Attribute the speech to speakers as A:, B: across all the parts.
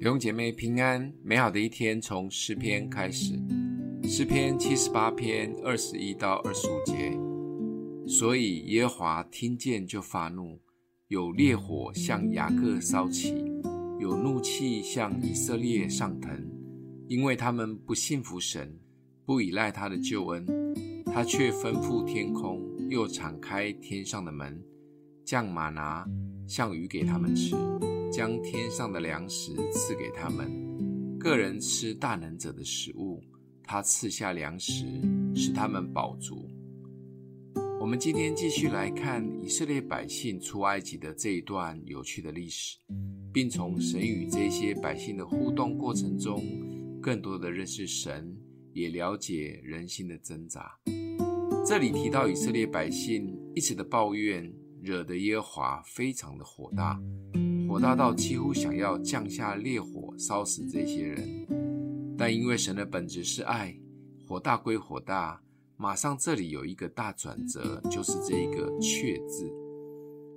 A: 弟兄姐妹平安，美好的一天從詩篇開始，詩篇七十八篇二十一到二十五節。所以耶和華聽見就發怒，有烈火向雅各燒起，有怒氣向以色列上騰，因為他們不信服神，不倚賴他的救恩，他卻吩咐天空，又敞開天上的門，降嗎哪像雨給他們吃。將天上的糧食賜給他們，各人吃大能者的食物。他賜下糧食，使他們飽足。我們今天繼續來看以色列百姓出埃及的這一段有趣的歷史，並從神與這些百姓的互動過程中，更多的認識神，也了解人心的掙扎。這裡提到以色列百姓一直的抱怨，惹得耶和華非常的火大。火大到幾乎想要降下烈火燒死這些人，但因為神的本質是愛，火大歸火大，馬上這裡有一個大轉折，就是這一個“卻”字，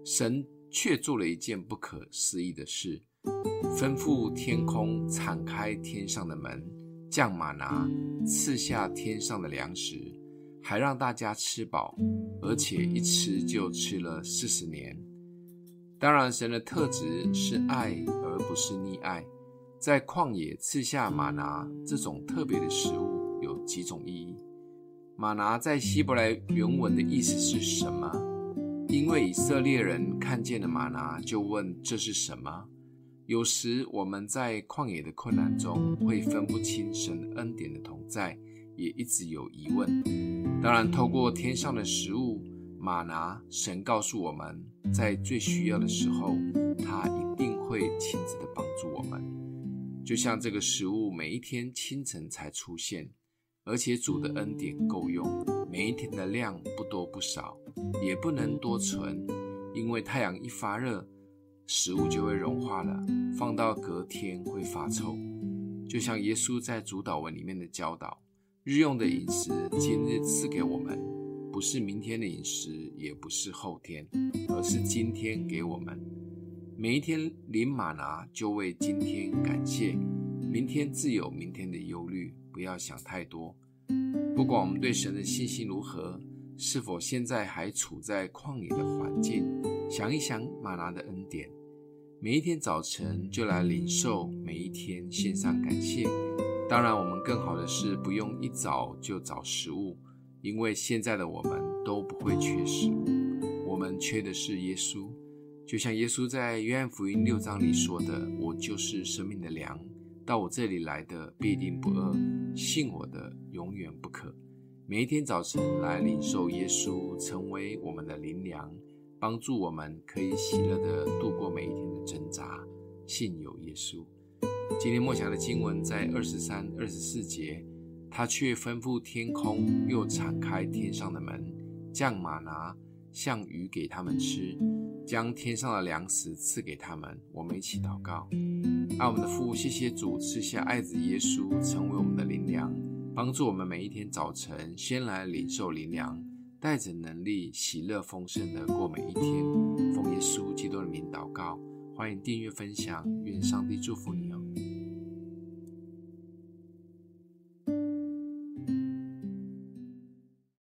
A: 神卻做了一件不可思議的事，吩咐天空，敞開天上的門，降嗎哪，賜下天上的糧食，還讓大家吃飽，而且一吃就吃了四十年。當然，神的特質是愛，而不是溺愛。在曠野賜下嗎哪這種特別的食物，有幾種意義。嗎哪在希伯來原文文的意思是什麼？因為以色列人看見了嗎哪，就問這是什麼。有時我們在曠野的困難中，會分不清神恩典的同在，也一直有疑問。當然，透過天上的食物。嗎哪神告訴我們，在最需要的時候，他一定會親自的幫助我們。就像這個食物，每一天清晨才出現，而且主的恩典夠用，每一天的量不多不少，也不能多存，因為太陽一發熱，食物就會融化了，放到隔天會發臭。就像耶穌在主禱文裡面的教導：日用的飲食，今日賜給我們。不是明天的飲食，也不是後天，而是今天給我們，每一天領嗎哪，就為今天感謝，明天自有明天的憂慮，不要想太多。不管我們對神的信心如何，是否現在還處在曠野的環境，想一想嗎哪的恩典，每一天早晨就來領受，每一天獻上感謝。當然，我們更好的是不用一早就找食物。因為現在的我們都不會缺食物，我們缺的是耶穌。就像耶穌在約翰福音六章裡說的：“我就是生命的糧，到我這裡來的必定不餓，信我的永遠不渴。”每一天早晨來領受耶穌，成為我們的靈糧，幫助我們可以喜樂的度過每一天的掙扎。幸有耶穌。今天默想的經文在二十三、二十四節。他卻吩咐天空，又敞開天上的門，降嗎哪，像雨給他們吃，將天上的糧食賜給他們。我們一起禱告，愛我們的父，謝謝主賜下愛子耶穌成為我們的靈糧，幫助我們每一天早晨先來領受靈糧，帶着能力喜樂豐盛的過每一天。奉耶穌基督的名禱告，歡迎訂閱分享，願上帝祝福你。